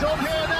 Job here now.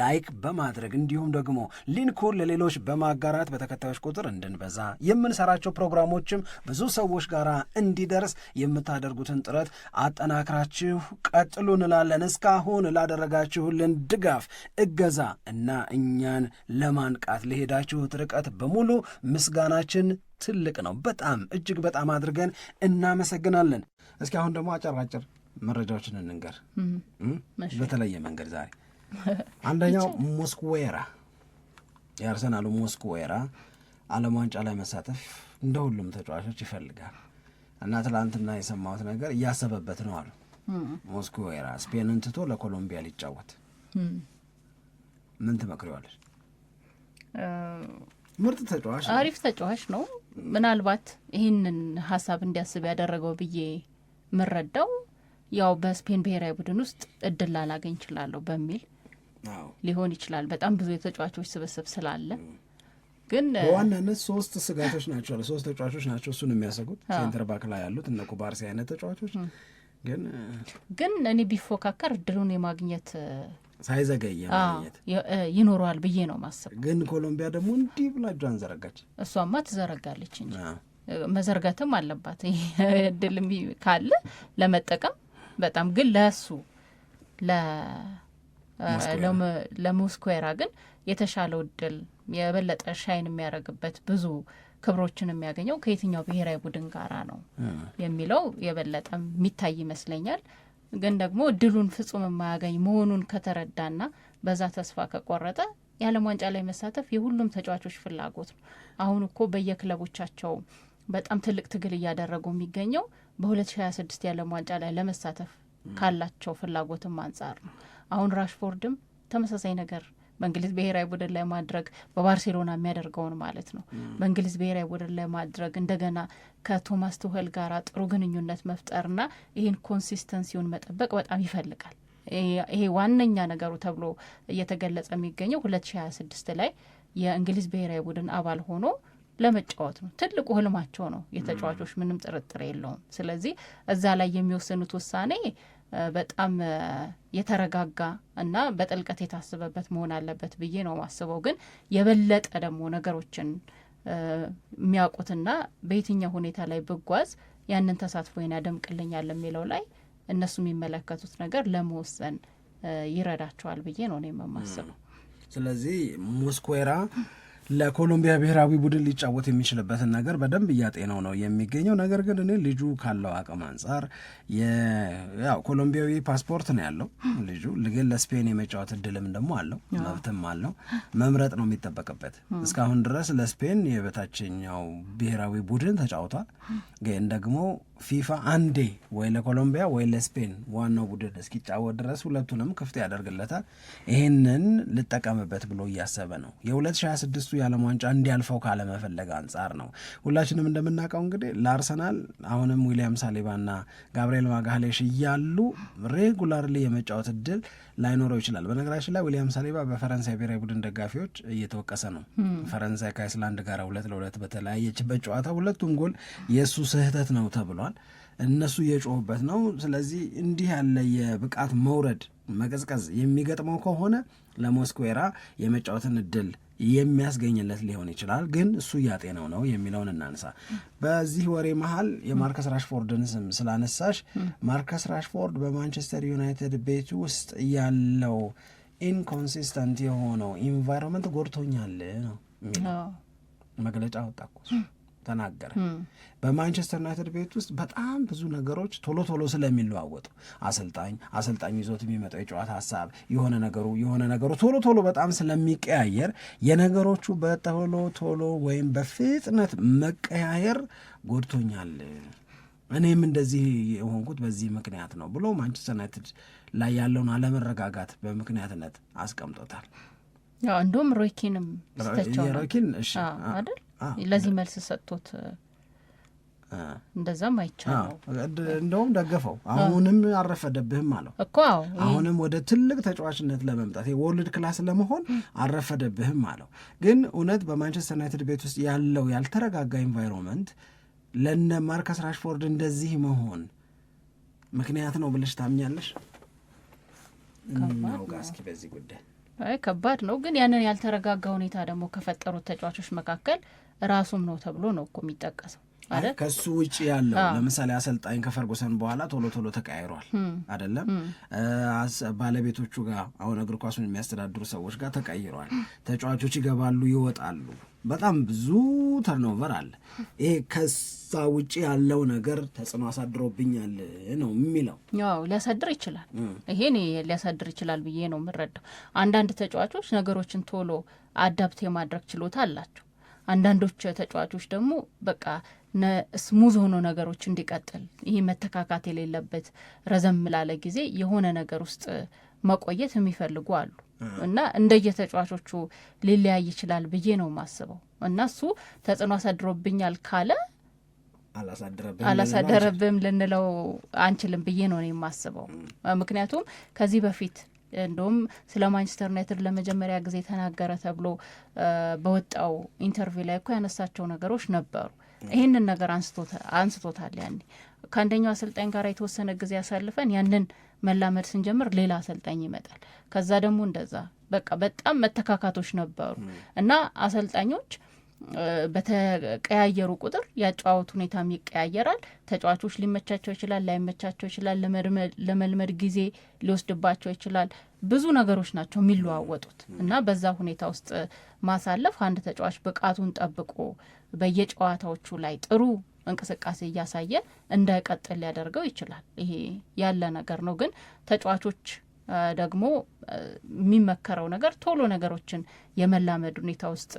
ላይክ በማድረግ እንዲሁም ደግሞ ሊንኩን ለሌሎች በማጋራት በተከታዮች ቁጥር እንድንበዛ የምንሰራቸው ፕሮግራሞችም ብዙ ሰዎች ጋር እንዲደርስ የምታደርጉትን ጥረት አጠናክራችሁ ቀጥሉ እንላለን። እስካሁን ላደረጋችሁልን ድጋፍ፣ እገዛ እና እኛን ለማንቃት ለሄዳችሁት ርቀት በሙሉ ምስጋናችን ትልቅ ነው። በጣም እጅግ በጣም አድርገን እናመሰግናለን። እስኪ አሁን ደግሞ አጭር መረጃዎችን እንንገር በተለየ መንገድ ዛሬ አንደኛው ሞስኩዌራ የአርሰናሉ ሞስኩዌራ ዓለም ዋንጫ ላይ መሳተፍ እንደ ሁሉም ተጫዋቾች ይፈልጋል እና ትላንትና የሰማሁት ነገር እያሰበበት ነው አሉ። ሞስኩዌራ ስፔንን ትቶ ለኮሎምቢያ ሊጫወት ምን ትመክሪዋለች? ምርጥ ተጫዋች፣ አሪፍ ተጫዋች ነው። ምናልባት ይህንን ሀሳብ እንዲያስብ ያደረገው ብዬ ምረዳው ያው በስፔን ብሔራዊ ቡድን ውስጥ እድል ላላገኝ እችላለሁ በሚል ሊሆን ይችላል። በጣም ብዙ የተጫዋቾች ስብስብ ስላለ ግን በዋናነት ሶስት ስጋቶች ናቸው ሶስት ተጫዋቾች ናቸው እሱን የሚያሰጉት ሴንተር ባክ ላይ ያሉት እነ ኩባርሲ አይነት ተጫዋቾች ግን ግን እኔ ቢፎካከር እድሉን የማግኘት ሳይዘገይ ማግኘት ይኖረዋል ብዬ ነው ማሰብ። ግን ኮሎምቢያ ደግሞ እንዲህ ብላ እጇን ዘረጋች። እሷማ ትዘረጋለች እንጂ መዘርጋትም አለባት። እድል ካለ ለመጠቀም በጣም ግን ለሱ ለሙስኩዌራ ግን የተሻለው እድል የበለጠ ሻይን የሚያደርግበት ብዙ ክብሮችን የሚያገኘው ከየትኛው ብሔራዊ ቡድን ጋራ ነው የሚለው የበለጠ የሚታይ ይመስለኛል። ግን ደግሞ እድሉን ፍጹም የማያገኝ መሆኑን ከተረዳና በዛ ተስፋ ከቆረጠ የዓለም ዋንጫ ላይ መሳተፍ የሁሉም ተጫዋቾች ፍላጎት ነው። አሁን እኮ በየክለቦቻቸው በጣም ትልቅ ትግል እያደረጉ የሚገኘው በ2026 የዓለም ዋንጫ ላይ ለመሳተፍ ካላቸው ፍላጎትም አንጻር ነው። አሁን ራሽፎርድም ተመሳሳይ ነገር በእንግሊዝ ብሔራዊ ቡድን ላይ ማድረግ በባርሴሎና የሚያደርገውን ማለት ነው። በእንግሊዝ ብሔራዊ ቡድን ላይ ማድረግ እንደገና ከቶማስ ቱኸል ጋር ጥሩ ግንኙነት መፍጠርና ይህን ኮንሲስተንሲውን መጠበቅ በጣም ይፈልጋል። ይሄ ዋነኛ ነገሩ ተብሎ እየተገለጸ የሚገኘው ሁለት ሺ ሀያ ስድስት ላይ የእንግሊዝ ብሔራዊ ቡድን አባል ሆኖ ለመጫወት ነው። ትልቁ ህልማቸው ነው የተጫዋቾች፣ ምንም ጥርጥር የለውም። ስለዚህ እዛ ላይ የሚወስኑት ውሳኔ በጣም የተረጋጋ እና በጥልቀት የታሰበበት መሆን አለበት ብዬ ነው ማስበው። ግን የበለጠ ደግሞ ነገሮችን የሚያውቁትና በየትኛው ሁኔታ ላይ ብጓዝ ያንን ተሳትፎዬን ያደምቅልኛል የሚለው ላይ እነሱ የሚመለከቱት ነገር ለመወሰን ይረዳቸዋል ብዬ ነው እኔ የማስበው። ስለዚህ ሙስኩዌራ ለኮሎምቢያ ብሔራዊ ቡድን ሊጫወት የሚችልበትን ነገር በደንብ እያጤነው ነው የሚገኘው። ነገር ግን እኔ ልጁ ካለው አቅም አንጻር ኮሎምቢያዊ ፓስፖርት ነው ያለው ልጁ ግን ለስፔን የመጫወት እድልም ደግሞ አለው መብትም አለው። መምረጥ ነው የሚጠበቅበት። እስካሁን ድረስ ለስፔን የበታችኛው ብሔራዊ ቡድን ተጫውቷል። ግን ደግሞ ፊፋ አንዴ ወይ ለኮሎምቢያ ወይ ለስፔን ዋናው ቡድን እስኪጫወት ድረስ ሁለቱንም ክፍት ያደርግለታል። ይህንን ልጠቀምበት ብሎ እያሰበ ነው። የ2026ቱ የዓለም ዋንጫ እንዲያልፈው ካለመፈለግ አንጻር ነው። ሁላችንም እንደምናውቀው እንግዲህ ለአርሰናል አሁንም ዊሊያም ሳሊባና ጋብርኤል ማጋሌሽ እያሉ ሬጉላርሊ የመጫወት እድል ላይኖረው ይችላል። በነገራችን ላይ ዊሊያም ሳሊባ በፈረንሳይ ብሔራዊ ቡድን ደጋፊዎች እየተወቀሰ ነው። hmm. ፈረንሳይ ከአይስላንድ ጋር ሁለት ለሁለት በተለያየችበት ጨዋታ ሁለቱም ጎል የእሱ ስህተት ነው ተብሏል። እነሱ እየጮሁበት ነው። ስለዚህ እንዲህ ያለ የብቃት መውረድ መቀዝቀዝ የሚገጥመው ከሆነ ለሞስኩዌራ የመጫወትን እድል የሚያስገኝለት ሊሆን ይችላል። ግን እሱ እያጤነው ነው የሚለውን እናንሳ። በዚህ ወሬ መሀል የማርከስ ራሽፎርድን ስም ስላነሳሽ ማርከስ ራሽፎርድ በማንቸስተር ዩናይትድ ቤት ውስጥ ያለው ኢንኮንሲስተንት የሆነው ኢንቫይሮንመንት ጎድቶኛል ነው የሚለው መግለጫ ወጣ እኮ ተናገረ። በማንቸስተር ዩናይትድ ቤት ውስጥ በጣም ብዙ ነገሮች ቶሎ ቶሎ ስለሚለዋወጡ አሰልጣኝ አሰልጣኝ ይዞት የሚመጣው የጨዋታ ሀሳብ የሆነ ነገሩ የሆነ ነገሩ ቶሎ ቶሎ በጣም ስለሚቀያየር የነገሮቹ በቶሎ ቶሎ ወይም በፍጥነት መቀያየር ጎድቶኛል፣ እኔም እንደዚህ የሆንኩት በዚህ ምክንያት ነው ብሎ ማንቸስተር ዩናይትድ ላይ ያለውን አለመረጋጋት በምክንያትነት አስቀምጦታል። እንዲሁም ሮይኪንም ስተቸዋል አይደል ለዚህ መልስ ሰጥቶት እንደዛም አይቻለው። እንደውም ደገፈው። አሁንም አልረፈደብህም አለው እኮ አሁንም ወደ ትልቅ ተጫዋችነት ለመምጣት የወርልድ ክላስ ለመሆን አልረፈደብህም አለው። ግን እውነት በማንቸስተር ዩናይትድ ቤት ውስጥ ያለው ያልተረጋጋ ኢንቫይሮንመንት ለነ ማርከስ ራሽፎርድ እንደዚህ መሆን ምክንያት ነው ብለሽ ታምኛለሽ? እናውጋ እስኪ በዚህ ጉዳይ። አይ ከባድ ነው። ግን ያንን ያልተረጋጋ ሁኔታ ደግሞ ከፈጠሩት ተጫዋቾች መካከል ራሱም ነው ተብሎ ነው እኮ የሚጠቀሰው። ከሱ ውጭ ያለው ለምሳሌ አሰልጣኝ ከፈርጉሰን በኋላ ቶሎ ቶሎ ተቀያይሯል አይደለም። ባለቤቶቹ ጋር አሁን እግር ኳሱን የሚያስተዳድሩ ሰዎች ጋር ተቀይሯል። ተጫዋቾች ይገባሉ፣ ይወጣሉ። በጣም ብዙ ተርኖቨር አለ። ይሄ ከዛ ውጭ ያለው ነገር ተጽዕኖ አሳድሮብኛል ነው የሚለው። ያው ሊያሳድር ይችላል። ይሄ ሊያሳድር ይችላል ብዬ ነው የምረዳው። አንዳንድ ተጫዋቾች ነገሮችን ቶሎ አዳብት የማድረግ ችሎታ አላቸው። አንዳንዶች ተጫዋቾች ደግሞ በቃ ስሙዝ ሆኖ ነገሮች እንዲቀጥል ይህ መተካካት የሌለበት ረዘም ላለ ጊዜ የሆነ ነገር ውስጥ መቆየት የሚፈልጉ አሉ እና እንደየተጫዋቾቹ ሊለያይ ይችላል ብዬ ነው የማስበው። እና እሱ ተጽዕኖ አሳድሮብኛል ካለ አላሳደረብም ልንለው አንችልም ብዬ ነው የማስበው። ምክንያቱም ከዚህ በፊት እንዲሁም ስለ ማንቸስተር ዩናይትድ ለመጀመሪያ ጊዜ ተናገረ ተብሎ በወጣው ኢንተርቪው ላይ እኮ ያነሳቸው ነገሮች ነበሩ። ይህንን ነገር አንስቶታል። ያኔ ከአንደኛው አሰልጣኝ ጋር የተወሰነ ጊዜ ያሳልፈን ያንን መላመድ ስንጀምር ሌላ አሰልጣኝ ይመጣል። ከዛ ደግሞ እንደዛ በቃ በጣም መተካካቶች ነበሩ እና አሰልጣኞች በተቀያየሩ ቁጥር የአጨዋወት ሁኔታም ይቀያየራል። ተጫዋቾች ሊመቻቸው ይችላል፣ ላይመቻቸው ይችላል፣ ለመልመድ ጊዜ ሊወስድባቸው ይችላል። ብዙ ነገሮች ናቸው የሚለዋወጡት እና በዛ ሁኔታ ውስጥ ማሳለፍ አንድ ተጫዋች ብቃቱን ጠብቆ በየጨዋታዎቹ ላይ ጥሩ እንቅስቃሴ እያሳየ እንዳይቀጥል ሊያደርገው ይችላል። ይሄ ያለ ነገር ነው። ግን ተጫዋቾች ደግሞ የሚመከረው ነገር ቶሎ ነገሮችን የመላመድ ሁኔታ ውስጥ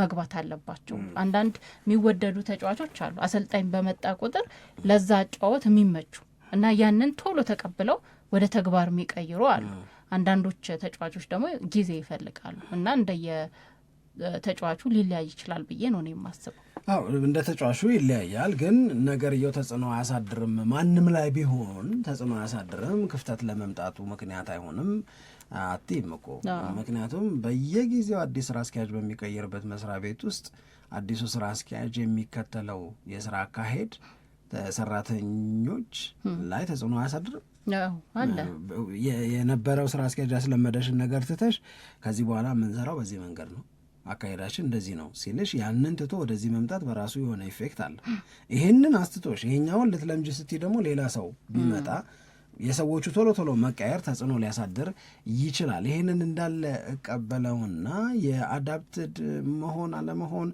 መግባት አለባቸው። አንዳንድ የሚወደዱ ተጫዋቾች አሉ፣ አሰልጣኝ በመጣ ቁጥር ለዛ ጫወት የሚመቹ እና ያንን ቶሎ ተቀብለው ወደ ተግባር የሚቀይሩ አሉ። አንዳንዶች ተጫዋቾች ደግሞ ጊዜ ይፈልጋሉ እና እንደየ ተጫዋቹ ሊለያይ ይችላል ብዬ ነው ነው የማስበው። አዎ እንደ ተጫዋቹ ይለያያል፣ ግን ነገርየው ተጽዕኖ አያሳድርም። ማንም ላይ ቢሆን ተጽዕኖ አያሳድርም። ክፍተት ለመምጣቱ ምክንያት አይሆንም። አትይም እኮ ምክንያቱም በየጊዜው አዲስ ስራ አስኪያጅ በሚቀየርበት መስሪያ ቤት ውስጥ አዲሱ ስራ አስኪያጅ የሚከተለው የስራ አካሄድ ሰራተኞች ላይ ተጽዕኖ አያሳድርም አለ የነበረው ስራ አስኪያጅ ያስለመደሽን ነገር ትተሽ ከዚህ በኋላ የምንሰራው በዚህ መንገድ ነው አካሄዳችን እንደዚህ ነው ሲልሽ ያንን ትቶ ወደዚህ መምጣት በራሱ የሆነ ኢፌክት አለ። ይህንን አስትቶሽ ይሄኛውን ልትለምጅ ስቲ ደግሞ ሌላ ሰው ቢመጣ የሰዎቹ ቶሎ ቶሎ መቀየር ተጽዕኖ ሊያሳድር ይችላል። ይህንን እንዳለ እቀበለውና የአዳፕትድ መሆን አለመሆን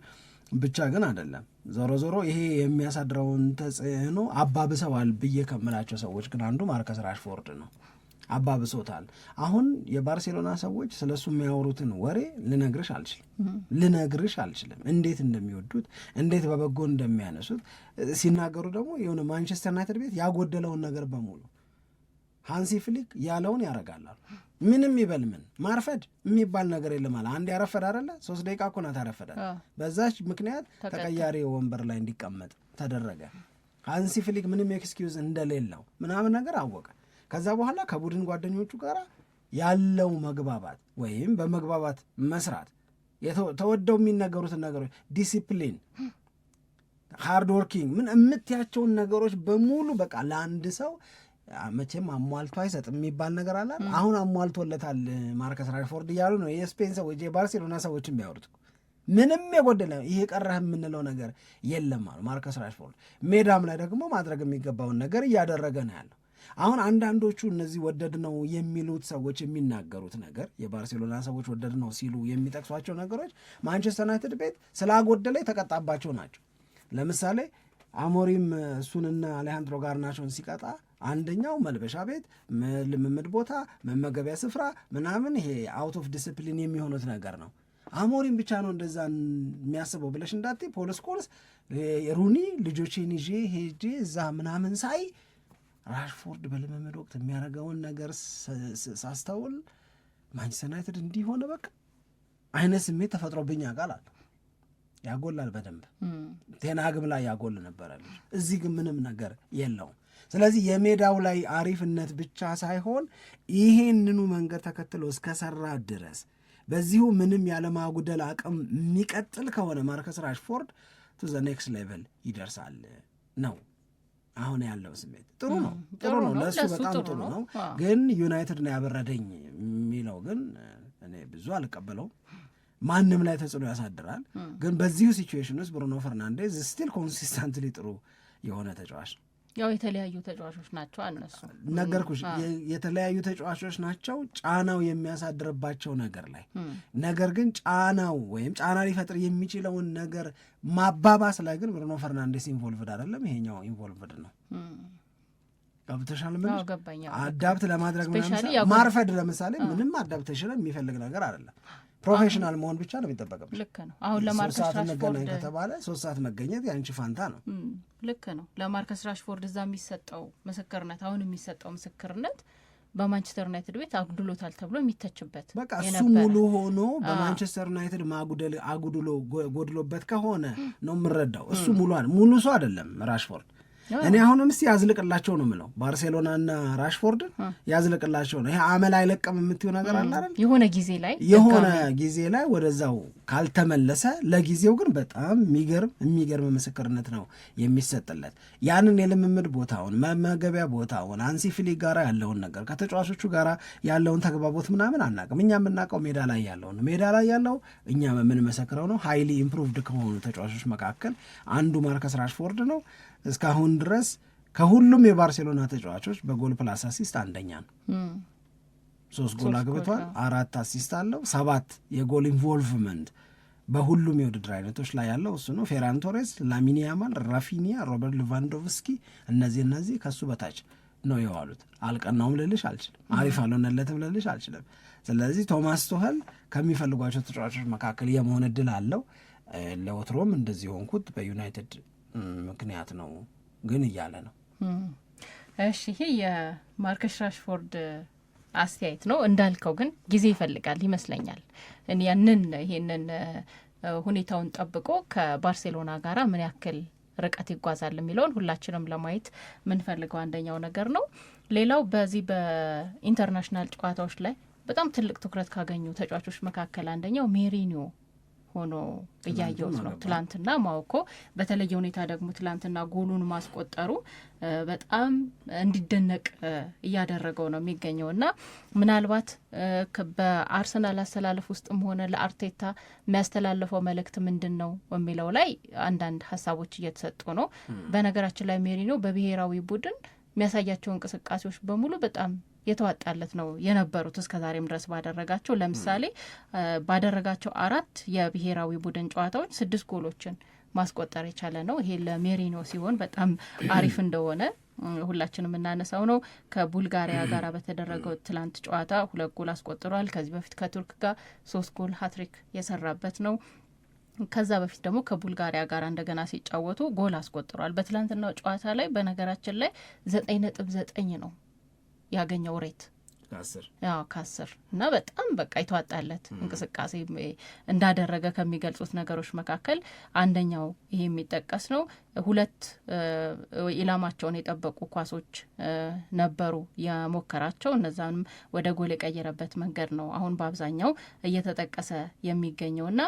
ብቻ ግን አይደለም። ዞሮ ዞሮ ይሄ የሚያሳድረውን ተጽዕኖ አባብሰዋል ብዬ ከምላቸው ሰዎች ግን አንዱ ማርከስ ራሽፎርድ ነው። አባብሶታል። አሁን የባርሴሎና ሰዎች ስለሱ የሚያወሩትን ወሬ ልነግርሽ አልችልም ልነግርሽ አልችልም። እንዴት እንደሚወዱት እንዴት በበጎ እንደሚያነሱት ሲናገሩ ደግሞ የሆነ ማንቸስተር ዩናይትድ ቤት ያጎደለውን ነገር በሙሉ ሃንሲ ፍሊክ ያለውን ያደርጋላሉ። ምንም ይበል ምን ማርፈድ የሚባል ነገር የለም አለ። አንድ ያረፈድ አለ። ሶስት ደቂቃ እኮ ናት ያረፈዳል። በዛች ምክንያት ተቀያሪ ወንበር ላይ እንዲቀመጥ ተደረገ። ሃንሲ ፍሊክ ምንም ኤክስኪውዝ እንደሌለው ምናምን ነገር አወቀ። ከዛ በኋላ ከቡድን ጓደኞቹ ጋር ያለው መግባባት ወይም በመግባባት መስራት ተወደው የሚነገሩትን ነገሮች ዲሲፕሊን፣ ሃርድ ወርኪንግ ምን የምትያቸውን ነገሮች በሙሉ በቃ ለአንድ ሰው መቼም አሟልቶ አይሰጥ የሚባል ነገር አለ። አሁን አሟልቶለታል ማርከስ ራሽፎርድ እያሉ ነው የስፔን ሰዎች የባርሴሎና ሰዎች ቢያወርጡ ምንም የጎደለ ይህ ቀረህ የምንለው ነገር የለም አሉ ማርከስ ራሽፎርድ። ሜዳም ላይ ደግሞ ማድረግ የሚገባውን ነገር እያደረገ ነው ያለው። አሁን አንዳንዶቹ እነዚህ ወደድ ነው የሚሉት ሰዎች የሚናገሩት ነገር የባርሴሎና ሰዎች ወደድ ነው ሲሉ የሚጠቅሷቸው ነገሮች ማንቸስተር ዩናይትድ ቤት ስላጎደለ የተቀጣባቸው ናቸው። ለምሳሌ አሞሪም እሱንና አሌሃንድሮ ጋርናቸውን ሲቀጣ አንደኛው መልበሻ ቤት፣ ልምምድ ቦታ፣ መመገቢያ ስፍራ ምናምን ይሄ አውት ኦፍ ዲስፕሊን የሚሆኑት ነገር ነው። አሞሪም ብቻ ነው እንደዛ የሚያስበው ብለሽ እንዳቴ ፖል ስኮልስ ሩኒ ልጆቼን ይዤ ሄጄ እዛ ምናምን ሳይ ራሽፎርድ በልምምድ ወቅት የሚያደርገውን ነገር ሳስተውል ማንቸስተር ዩናይትድ እንዲሆነ በቃ አይነት ስሜት ተፈጥሮብኝ ያውቃል አለ። ያጎላል በደንብ ቴናግም ላይ ያጎል ነበረ። እዚህ ግን ምንም ነገር የለውም። ስለዚህ የሜዳው ላይ አሪፍነት ብቻ ሳይሆን ይህንኑ መንገድ ተከትሎ እስከሰራ ድረስ በዚሁ ምንም ያለማጉደል አቅም የሚቀጥል ከሆነ ማርከስ ራሽፎርድ ቱ ዘ ኔክስት ሌቨል ይደርሳል ነው አሁን ያለው ስሜት። ጥሩ ነው፣ ጥሩ ነው፣ ለእሱ በጣም ጥሩ ነው። ግን ዩናይትድ ነው ያበረደኝ የሚለው ግን እኔ ብዙ አልቀበለውም። ማንም ላይ ተጽዕኖ ያሳድራል። ግን በዚሁ ሲቹዌሽን ውስጥ ብሩኖ ፈርናንዴዝ ስቲል ኮንሲስተንትሊ ጥሩ የሆነ ተጫዋች ነው። ያው የተለያዩ ተጫዋቾች ናቸው። አነሱ ነገርኩሽ፣ የተለያዩ ተጫዋቾች ናቸው። ጫናው የሚያሳድርባቸው ነገር ላይ ነገር ግን ጫናው ወይም ጫና ሊፈጥር የሚችለውን ነገር ማባባስ ላይ ግን ብሩኖ ፈርናንዴስ ኢንቮልቭድ አይደለም። ይሄኛው ኢንቮልቭድ ነው። ገብተሻል? ምን አዳፕት ለማድረግ ማርፈድ ለምሳሌ ምንም አዳብተሽን የሚፈልግ ነገር አይደለም። ፕሮፌሽናል መሆን ብቻ ነው የሚጠበቅብሽ። ልክ ነው። አሁን ለማርከስ ራሽፎርድ እንገናኝ ከተባለ ሶስት ሰዓት መገኘት የአንቺ ፋንታ ነው። ልክ ነው። ለማርከስ ራሽፎርድ እዛ የሚሰጠው ምስክርነት አሁን የሚሰጠው ምስክርነት በማንቸስተር ዩናይትድ ቤት አጉድሎታል ተብሎ የሚተችበት በቃ እሱ ሙሉ ሆኖ በማንቸስተር ዩናይትድ ማጉደል አጉድሎ ጎድሎበት ከሆነ ነው የምረዳው። እሱ ሙሉ ሙሉ ሰው አይደለም ራሽፎርድ እኔ አሁንም እስቲ ያዝልቅላቸው ነው የምለው ባርሴሎናና ራሽፎርድን ያዝልቅላቸው ነው። ይሄ አመል አይለቀም የምትይው ነገር አለ አይደል? የሆነ ጊዜ ላይ የሆነ ጊዜ ላይ ወደዛው ካልተመለሰ፣ ለጊዜው ግን በጣም የሚገርም የሚገርም ምስክርነት ነው የሚሰጥለት። ያንን የልምምድ ቦታውን መመገቢያ ቦታውን አንሲ ፍሊክ ያለውን ነገር ከተጫዋቾቹ ጋር ያለውን ተግባቦት ምናምን አናቅም። እኛ የምናውቀው ሜዳ ላይ ያለውን ሜዳ ላይ ያለው እኛ የምንመሰክረው ነው። ሀይሊ ኢምፕሩቭድ ከሆኑ ተጫዋቾች መካከል አንዱ ማርከስ ራሽፎርድ ነው። እስካሁን ድረስ ከሁሉም የባርሴሎና ተጫዋቾች በጎል ፕላስ አሲስት አንደኛ ነው። ሶስት ጎል አግብቷል፣ አራት አሲስት አለው፣ ሰባት የጎል ኢንቮልቭመንት በሁሉም የውድድር አይነቶች ላይ ያለው እሱ ነው። ፌራን ቶሬስ፣ ላሚኒ ያማል፣ ራፊኒያ፣ ሮበርት ሌቫንዶቭስኪ እነዚህ እነዚህ ከሱ በታች ነው የዋሉት። አልቀናውም ልልሽ አልችልም፣ አሪፍ አልሆነለትም ልልሽ አልችልም። ስለዚህ ቶማስ ቱኸል ከሚፈልጓቸው ተጫዋቾች መካከል የመሆን እድል አለው። ለወትሮም እንደዚህ ሆንኩት በዩናይትድ ምክንያት ነው ግን እያለ ነው። እሺ ይሄ የማርከስ ራሽፎርድ አስተያየት ነው። እንዳልከው ግን ጊዜ ይፈልጋል ይመስለኛል። ያንን ይሄንን ሁኔታውን ጠብቆ ከባርሴሎና ጋር ምን ያክል ርቀት ይጓዛል የሚለውን ሁላችንም ለማየት የምንፈልገው አንደኛው ነገር ነው። ሌላው በዚህ በኢንተርናሽናል ጨዋታዎች ላይ በጣም ትልቅ ትኩረት ካገኙ ተጫዋቾች መካከል አንደኛው ሜሪኒዮ ሆኖ እያየሁት ነው። ትላንትና ማውኮ በተለየ ሁኔታ ደግሞ ትላንትና ጎሉን ማስቆጠሩ በጣም እንዲደነቅ እያደረገው ነው የሚገኘው እና ምናልባት በአርሰናል አሰላለፍ ውስጥም ሆነ ለአርቴታ የሚያስተላልፈው መልእክት ምንድን ነው የሚለው ላይ አንዳንድ ሀሳቦች እየተሰጡ ነው። በነገራችን ላይ ሜሪኖ በብሔራዊ ቡድን የሚያሳያቸው እንቅስቃሴዎች በሙሉ በጣም የተዋጣለት ነው የነበሩት እስከዛሬም ድረስ ባደረጋቸው ለምሳሌ ባደረጋቸው አራት የብሔራዊ ቡድን ጨዋታዎች ስድስት ጎሎችን ማስቆጠር የቻለ ነው። ይሄ ለሜሪኖ ሲሆን በጣም አሪፍ እንደሆነ ሁላችንም የምናነሳው ነው። ከቡልጋሪያ ጋር በተደረገው ትላንት ጨዋታ ሁለት ጎል አስቆጥሯል። ከዚህ በፊት ከቱርክ ጋር ሶስት ጎል ሀትሪክ የሰራበት ነው። ከዛ በፊት ደግሞ ከቡልጋሪያ ጋር እንደገና ሲጫወቱ ጎል አስቆጥሯል። በትላንትናው ጨዋታ ላይ በነገራችን ላይ ዘጠኝ ነጥብ ዘጠኝ ነው ያገኘው ሬት ከአስር እና በጣም በቃ የተዋጣለት እንቅስቃሴ እንዳደረገ ከሚገልጹት ነገሮች መካከል አንደኛው ይሄ የሚጠቀስ ነው። ሁለት ኢላማቸውን የጠበቁ ኳሶች ነበሩ የሞከራቸው፣ እነዛንም ወደ ጎል የቀየረበት መንገድ ነው አሁን በአብዛኛው እየተጠቀሰ የሚገኘው እና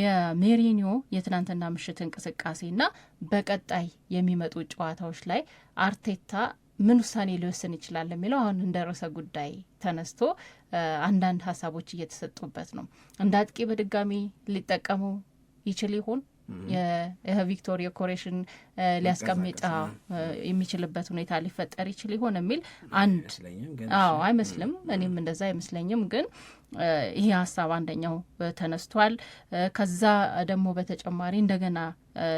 የሜሪኒዮ የትናንትና ምሽት እንቅስቃሴና በቀጣይ የሚመጡ ጨዋታዎች ላይ አርቴታ ምን ውሳኔ ሊወስን ይችላል የሚለው አሁን እንደ ርዕሰ ጉዳይ ተነስቶ አንዳንድ ሀሳቦች እየተሰጡበት ነው። እንደ አጥቂ በድጋሚ ሊጠቀሙ ይችል ይሆን? የቪክቶር ኮሬሽን ሊያስቀምጣ የሚችልበት ሁኔታ ሊፈጠር ይችል ይሆን የሚል አንድ አዎ፣ አይመስልም። እኔም እንደዛ አይመስለኝም። ግን ይሄ ሀሳብ አንደኛው ተነስቷል። ከዛ ደግሞ በተጨማሪ እንደገና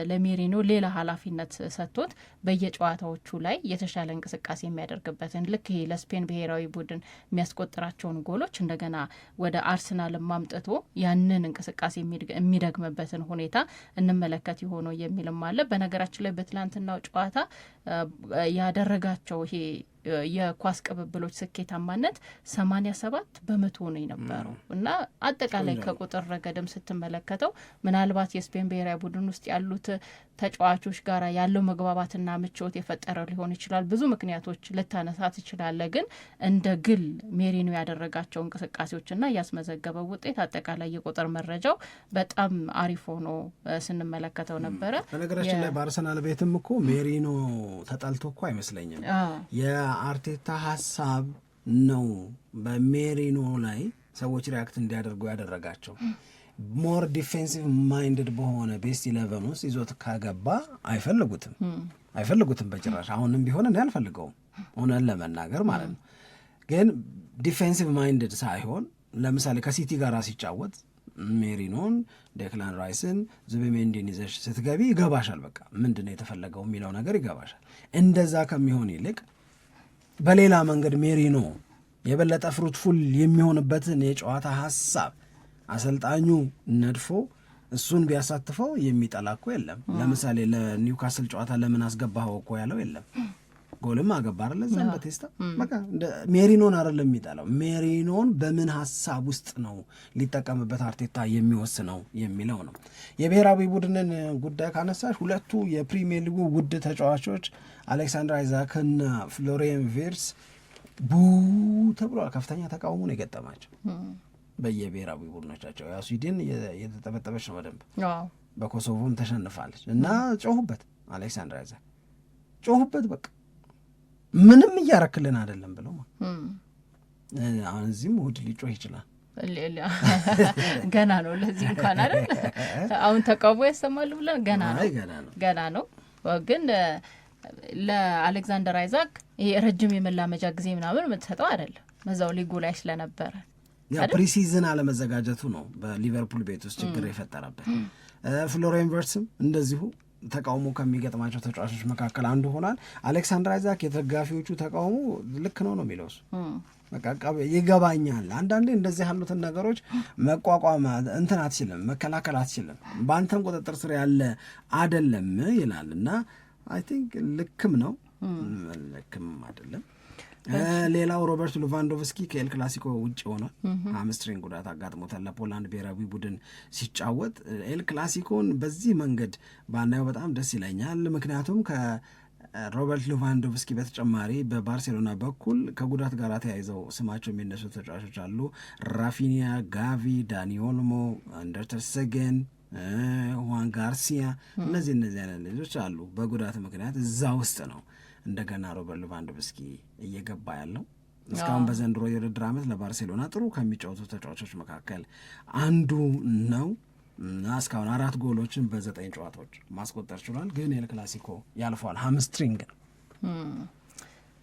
ለሜሪኖ ሌላ ኃላፊነት ሰጥቶት በየጨዋታዎቹ ላይ የተሻለ እንቅስቃሴ የሚያደርግበትን ልክ ይሄ ለስፔን ብሔራዊ ቡድን የሚያስቆጥራቸውን ጎሎች እንደገና ወደ አርሰናል ማምጥቶ ያንን እንቅስቃሴ የሚደግምበትን ሁኔታ እንመለከት የሆነው የሚልም አለ። በነገራችን ላይ በትላንትናው ጨዋታ ያደረጋቸው ይሄ የኳስ ቅብብሎች ስኬታማነት ሰማኒያ ሰባት በመቶ ነው የነበረው እና አጠቃላይ ከቁጥር ረገድም ስትመለከተው ምናልባት የስፔን ብሔራዊ ቡድን ውስጥ ያሉት ተጫዋቾች ጋር ያለው መግባባትና ምቾት የፈጠረው ሊሆን ይችላል። ብዙ ምክንያቶች ልታነሳ ትችላለ። ግን እንደ ግል ሜሪኖ ያደረጋቸው እንቅስቃሴዎችና ያስመዘገበው ውጤት አጠቃላይ የቁጥር መረጃው በጣም አሪፍ ሆኖ ስንመለከተው ነበረ። በነገራችን ላይ በአርሰናል ቤትም እኮ ሜሪኖ ተጠልቶ እኮ አይመስለኝም የአርቴታ ሀሳብ ነው በሜሪኖ ላይ ሰዎች ሪያክት እንዲያደርጉ ያደረጋቸው። ሞር ዲፌንሲቭ ማይንድድ በሆነ ቤስት ኢለቨን ውስጥ ይዞት ካገባ አይፈልጉትም አይፈልጉትም በጭራሽ። አሁንም ቢሆን እኔ አልፈልገውም እውነን ለመናገር ማለት ነው። ግን ዲፌንሲቭ ማይንድድ ሳይሆን ለምሳሌ ከሲቲ ጋር ሲጫወት ሜሪኖን፣ ዴክላን ራይስን፣ ዙቢሜንዲን ይዘሽ ስትገቢ ይገባሻል። በቃ ምንድነው የተፈለገው የሚለው ነገር ይገባሻል። እንደዛ ከሚሆን ይልቅ በሌላ መንገድ ሜሪኖ የበለጠ ፍሩትፉል የሚሆንበትን የጨዋታ ሀሳብ አሰልጣኙ ነድፎ እሱን ቢያሳትፈው የሚጠላ እኮ የለም። ለምሳሌ ለኒውካስል ጨዋታ ለምን አስገባኸው እኮ ያለው የለም። ጎልም አገባ አይደለ እዛም በቴስታ በቃ ሜሪኖን አይደለም የሚጠላው ሜሪኖን በምን ሀሳብ ውስጥ ነው ሊጠቀምበት አርቴታ የሚወስነው የሚለው ነው። የብሔራዊ ቡድንን ጉዳይ ካነሳሽ ሁለቱ የፕሪሚየር ሊጉ ውድ ተጫዋቾች አሌክሳንድር አይዛክና ፍሎሪየን ቪርስ ቡ ተብሏል። ከፍተኛ ተቃውሞ ነው የገጠማቸው በየብሔራዊ ቡድኖቻቸው። ያው ስዊድን የተጠበጠበች ነው በደንብ በኮሶቮም ተሸንፋለች እና ጮሁበት አሌክሳንድር አይዛክ ጮሁበት በቃ ምንም እያረክልን አይደለም ብለው አሁን እዚህም እሑድ ሊጮህ ይችላል። ገና ነው ለዚህ እንኳን አይደል አሁን ተቃውሞ ያሰማሉ ብለን ገና ነው ገና ነው ግን ለአሌክዛንደር አይዛክ ይሄ ረጅም የመላመጃ ጊዜ ምናምን የምትሰጠው አይደለም። በዛው ሊጉ ላይ ስለነበረ ፕሪሲዝን አለመዘጋጀቱ ነው በሊቨርፑል ቤት ውስጥ ችግር የፈጠረበት። ፍሎሪያን ቨርትስም እንደዚሁ ተቃውሞ ከሚገጥማቸው ተጫዋቾች መካከል አንዱ ሆኗል። አሌክሳንድር አይዛክ የደጋፊዎቹ ተቃውሞ ልክ ነው ነው የሚለውስ በቃ ይገባኛል። አንዳንዴ እንደዚህ ያሉትን ነገሮች መቋቋም እንትን አትችልም፣ መከላከል አትችልም፣ በአንተም ቁጥጥር ስር ያለ አደለም ይላል እና አይ ቲንክ ልክም ነው ልክም አደለም ሌላው ሮበርት ሉቫንዶቭስኪ ከኤል ክላሲኮ ውጭ ሆነ አምስትሪን ጉዳት አጋጥሞታል። ለፖላንድ ብሔራዊ ቡድን ሲጫወት ኤል ክላሲኮን በዚህ መንገድ ባናየው በጣም ደስ ይለኛል። ምክንያቱም ከሮበርት ሉቫንዶቭስኪ በተጨማሪ በባርሴሎና በኩል ከጉዳት ጋር ተያይዘው ስማቸው የሚነሱ ተጫዋቾች አሉ። ራፊኒያ፣ ጋቪ፣ ዳኒ ኦልሞ፣ ሰገን ሁዋን ጋርሲያ እነዚህ እነዚህ አይነት ልጆች አሉ። በጉዳት ምክንያት እዛ ውስጥ ነው እንደገና ሮበርት ሌቫንዶቭስኪ እየገባ ያለው እስካሁን በዘንድሮ የውድድር ዓመት ለባርሴሎና ጥሩ ከሚጫወቱ ተጫዋቾች መካከል አንዱ ነው እና እስካሁን አራት ጎሎችን በዘጠኝ ጨዋታዎች ማስቆጠር ችሏል። ግን ኤል ክላሲኮ ያልፏል። ሀምስትሪንግ ነው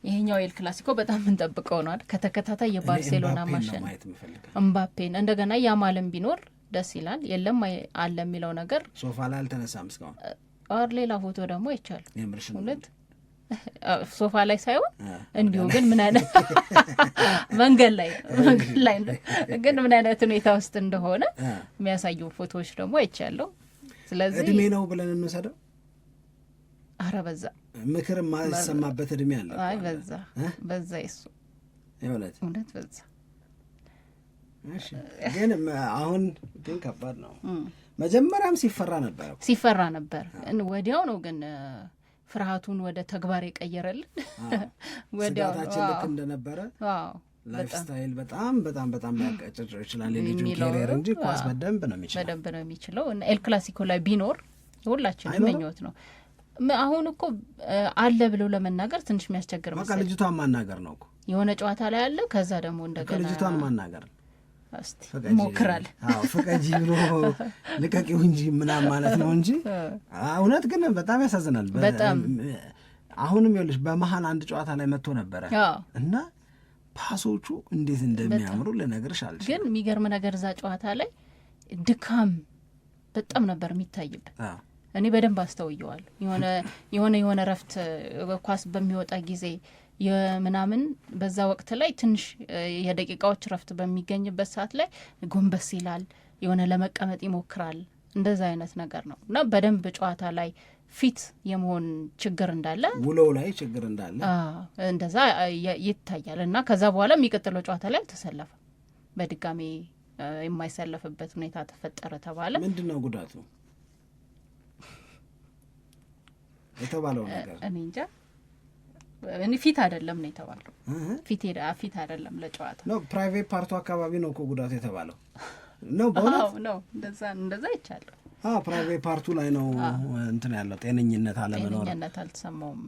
ይሄኛው ኤል ክላሲኮ በጣም እንጠብቀው ነዋል። ከተከታታይ የባርሴሎና ማሸን እምባፔን እንደገና ያማልም ቢኖር ደስ ይላል። የለም አለ የሚለው ነገር ሶፋ ላይ አልተነሳም እስካሁን። ሌላ ፎቶ ደግሞ ይቻል ሁለት ሶፋ ላይ ሳይሆን እንዲሁ ግን ምን አይነት መንገድ ላይ መንገድ ላይ ግን ምን አይነት ሁኔታ ውስጥ እንደሆነ የሚያሳዩ ፎቶዎች ደግሞ አይቻለሁ። ስለዚህ እድሜ ነው ብለን እንወሰደው። አረ በዛ ምክር የማይሰማበት እድሜ አለ። አይ በዛ በዛ ይሱ እውነት በዛ። ግን አሁን ግን ከባድ ነው። መጀመሪያም ሲፈራ ነበር ሲፈራ ነበር፣ ወዲያው ነው ግን ፍርሃቱን ወደ ተግባር የቀየረልን ስጋታችን ልክ እንደነበረ ላይፍ ስታይል በጣም በጣም በጣም ሊያቀጭጭ ይችላል የልጁ ኬሪየር እንጂ ኳስ በደንብ ነው የሚችለው በደንብ ነው የሚችለው እና ኤል ክላሲኮ ላይ ቢኖር የሁላችንም ምኞት ነው። አሁን እኮ አለ ብለው ለመናገር ትንሽ የሚያስቸግር መሰለኝ። ልጅቷን ማናገር ነው የሆነ ጨዋታ ላይ አለ ከዛ ደግሞ እንደገና ልጅቷን ማናገር ሞክራል ፍቀጂ ብሎ ልቀቂው እንጂ ምናም ማለት ነው እንጂ እውነት ግን በጣም ያሳዝናል። በጣም አሁንም ይኸውልሽ በመሀል አንድ ጨዋታ ላይ መጥቶ ነበረ እና ፓሶቹ እንዴት እንደሚያምሩ ልነግርሽ አለሽ። ግን የሚገርም ነገር እዛ ጨዋታ ላይ ድካም በጣም ነበር የሚታይብ። እኔ በደንብ አስተውየዋል። የሆነ የሆነ ረፍት ኳስ በሚወጣ ጊዜ የምናምን በዛ ወቅት ላይ ትንሽ የደቂቃዎች ረፍት በሚገኝበት ሰዓት ላይ ጎንበስ ይላል፣ የሆነ ለመቀመጥ ይሞክራል። እንደዛ አይነት ነገር ነው እና በደንብ ጨዋታ ላይ ፊት የመሆን ችግር እንዳለ ውሎ ላይ ችግር እንዳለ እንደዛ ይታያል እና ከዛ በኋላ የሚቀጥለው ጨዋታ ላይ አልተሰለፈ በድጋሚ የማይሰለፍበት ሁኔታ ተፈጠረ ተባለ። ምንድን ነው ጉዳቱ የተባለው ነገር እኔ እንጃ። እኔ ፊት አይደለም ነው የተባለው። ፊት ፊት አይደለም ለጨዋታ ነው። ፕራይቬት ፓርቱ አካባቢ ነው እኮ ጉዳት የተባለው ነው። በእውነት ነው እንደዛ እንደዛ ይቻለሁ። ፕራይቬት ፓርቱ ላይ ነው እንትን ያለው ጤነኝነት አለመኖር ጤነኝነት አልተሰማውም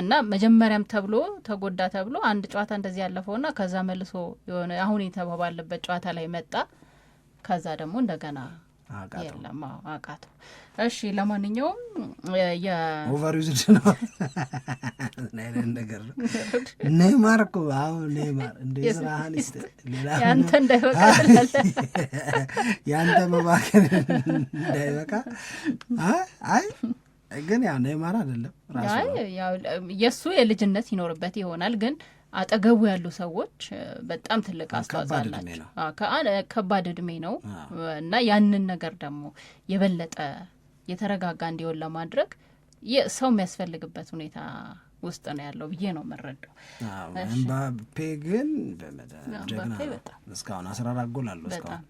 እና መጀመሪያም ተብሎ ተጎዳ ተብሎ አንድ ጨዋታ እንደዚህ ያለፈው ና ከዛ መልሶ የሆነ አሁን የተባባለበት ጨዋታ ላይ መጣ። ከዛ ደግሞ እንደገና የለም አቃተው። እሺ ለማንኛውም ኦቨርዩዝድ ነው ነገር ነው። ኔይማር እኮ አሁን ኔይማር ያንተ እንዳይበቃ ያንተ መባከል እንዳይበቃ። አይ ግን ያው ኔይማር አይደለም የእሱ የልጅነት ይኖርበት ይሆናል ግን አጠገቡ ያሉ ሰዎች በጣም ትልቅ አስተዋጽኦ ከባድ እድሜ ነው እና ያንን ነገር ደግሞ የበለጠ የተረጋጋ እንዲሆን ለማድረግ ሰው የሚያስፈልግበት ሁኔታ ውስጥ ነው ያለው ብዬ ነው የምረዳው። ኤምባፔ ግን ጀግና እስካሁን አስራ አራት ጎል አለው እስካሁን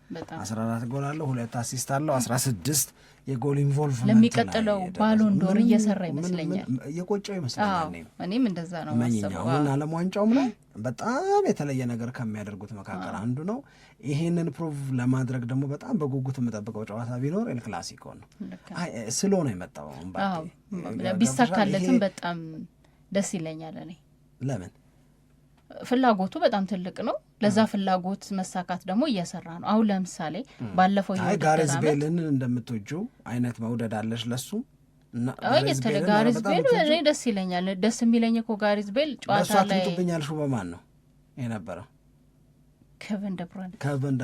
አስራ አራት ጎል አለው፣ ሁለት አሲስት አለው፣ አስራ ስድስት የጎል ኢንቮልቭ ለሚቀጥለው ባሎን ዶር እየሰራ ይመስለኛል፣ እየቆጨው ይመስለኛል። እኔም እንደዛ ነው መኛው እና ዓለም ዋንጫውም ላይ በጣም የተለየ ነገር ከሚያደርጉት መካከል አንዱ ነው። ይሄንን ፕሩቭ ለማድረግ ደግሞ በጣም በጉጉት የምጠብቀው ጨዋታ ቢኖር ኤል ክላሲኮ ነው። ስሎ ነው የመጣው ቢሳካለትም በጣም ደስ ይለኛል። እኔ ለምን ፍላጎቱ በጣም ትልቅ ነው። ለዛ ፍላጎት መሳካት ደግሞ እየሰራ ነው። አሁን ለምሳሌ ባለፈው ጋሬዝ ቤልን እንደምትወጁ አይነት መውደድ አለሽ ለሱ ጋሪዝ ቤል እኔ ደስ ይለኛል። ደስ የሚለኝ እኮ ጋሪዝ ቤል ጨዋታ ላይ ሹ በማን ነው የነበረው ከቨን ደብሮይነ ከቨን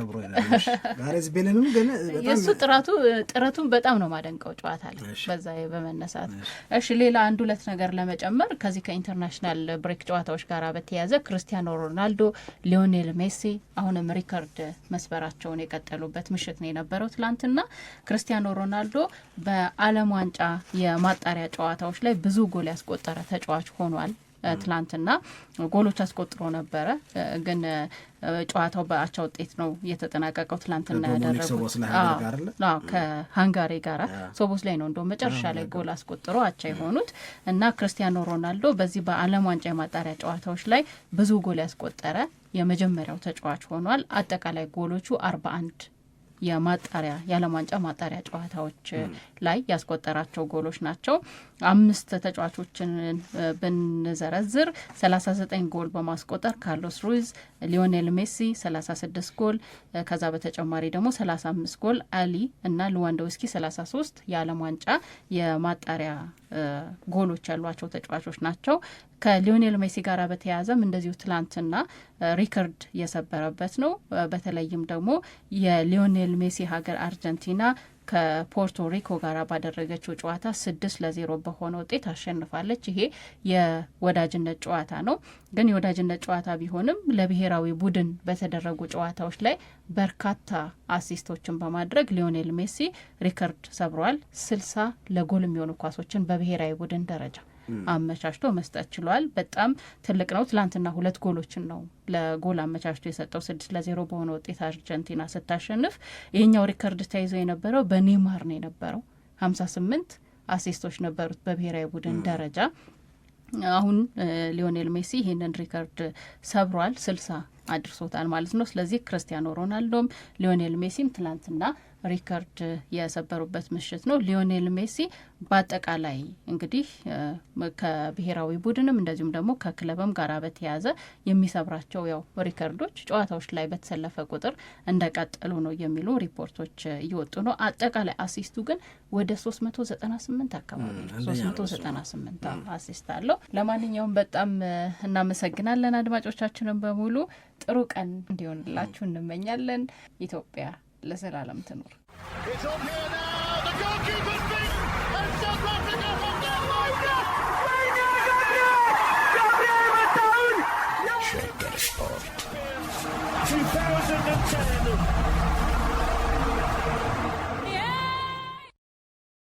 ጋሬዝ ቤልንም ግን የእሱ ጥረቱ ጥረቱን በጣም ነው ማደንቀው ጨዋታ ላይ በዛ በመነሳት እሺ ሌላ አንድ ሁለት ነገር ለመጨመር ከዚህ ከኢንተርናሽናል ብሬክ ጨዋታዎች ጋር በተያያዘ ክርስቲያኖ ሮናልዶ ሊዮኔል ሜሲ አሁንም ሪከርድ መስበራቸውን የቀጠሉበት ምሽት ነው የነበረው ትላንትና ክርስቲያኖ ሮናልዶ በአለም ዋንጫ የማጣሪያ ጨዋታዎች ላይ ብዙ ጎል ያስቆጠረ ተጫዋች ሆኗል ትላንትና ጎሎች አስቆጥሮ ነበረ ግን ጨዋታው በአቻ ውጤት ነው እየተጠናቀቀው። ትላንትና ያደረጉት ከሃንጋሪ ጋራ ሶቦስ ላይ ነው እንደ መጨረሻ ላይ ጎል አስቆጥሮ አቻ የሆኑት እና ክርስቲያኖ ሮናልዶ በዚህ በዓለም ዋንጫ የማጣሪያ ጨዋታዎች ላይ ብዙ ጎል ያስቆጠረ የመጀመሪያው ተጫዋች ሆኗል። አጠቃላይ ጎሎቹ አርባ አንድ የማጣሪያ የዓለም ዋንጫ ማጣሪያ ጨዋታዎች ላይ ያስቆጠራቸው ጎሎች ናቸው። አምስት ተጫዋቾችን ብንዘረዝር ሰላሳ ዘጠኝ ጎል በማስቆጠር ካርሎስ ሩይዝ፣ ሊዮኔል ሜሲ ሰላሳ ስድስት ጎል ከዛ በተጨማሪ ደግሞ ሰላሳ አምስት ጎል አሊ እና ሉዋንዶውስኪ ሰላሳ ሶስት የዓለም ዋንጫ የማጣሪያ ጎሎች ያሏቸው ተጫዋቾች ናቸው። ከሊዮኔል ሜሲ ጋር በተያያዘም እንደዚሁ ትላንትና ሪከርድ የሰበረበት ነው። በተለይም ደግሞ የሊዮኔል ሜሲ ሀገር አርጀንቲና ከፖርቶ ሪኮ ጋር ባደረገችው ጨዋታ ስድስት ለዜሮ በሆነ ውጤት አሸንፋለች። ይሄ የወዳጅነት ጨዋታ ነው። ግን የወዳጅነት ጨዋታ ቢሆንም ለብሔራዊ ቡድን በተደረጉ ጨዋታዎች ላይ በርካታ አሲስቶችን በማድረግ ሊዮኔል ሜሲ ሪከርድ ሰብሯል። ስልሳ ለጎል የሚሆኑ ኳሶችን በብሔራዊ ቡድን ደረጃ አመቻችቶ መስጠት ችሏል። በጣም ትልቅ ነው። ትላንትና ሁለት ጎሎችን ነው ለጎል አመቻችቶ የሰጠው ስድስት ለዜሮ በሆነ ውጤት አርጀንቲና ስታሸንፍ። ይህኛው ሪከርድ ተይዞ የነበረው በኔማር ነው የነበረው ሀምሳ ስምንት አሲስቶች ነበሩት በብሔራዊ ቡድን ደረጃ። አሁን ሊዮኔል ሜሲ ይህንን ሪከርድ ሰብሯል፣ ስልሳ አድርሶታል ማለት ነው። ስለዚህ ክርስቲያኖ ሮናልዶም ሊዮኔል ሜሲም ትላንትና ሪከርድ የሰበሩበት ምሽት ነው። ሊዮኔል ሜሲ በአጠቃላይ እንግዲህ ከብሔራዊ ቡድንም እንደዚሁም ደግሞ ከክለብም ጋር በተያያዘ የሚሰብራቸው ያው ሪከርዶች ጨዋታዎች ላይ በተሰለፈ ቁጥር እንደቀጠሉ ነው የሚሉ ሪፖርቶች እየወጡ ነው። አጠቃላይ አሲስቱ ግን ወደ 398 አካባቢ ነው። 398 አሲስት አለው። ለማንኛውም በጣም እናመሰግናለን አድማጮቻችንም በሙሉ ጥሩ ቀን እንዲሆንላችሁ እንመኛለን። ኢትዮጵያ ለዘላለም ትኖር።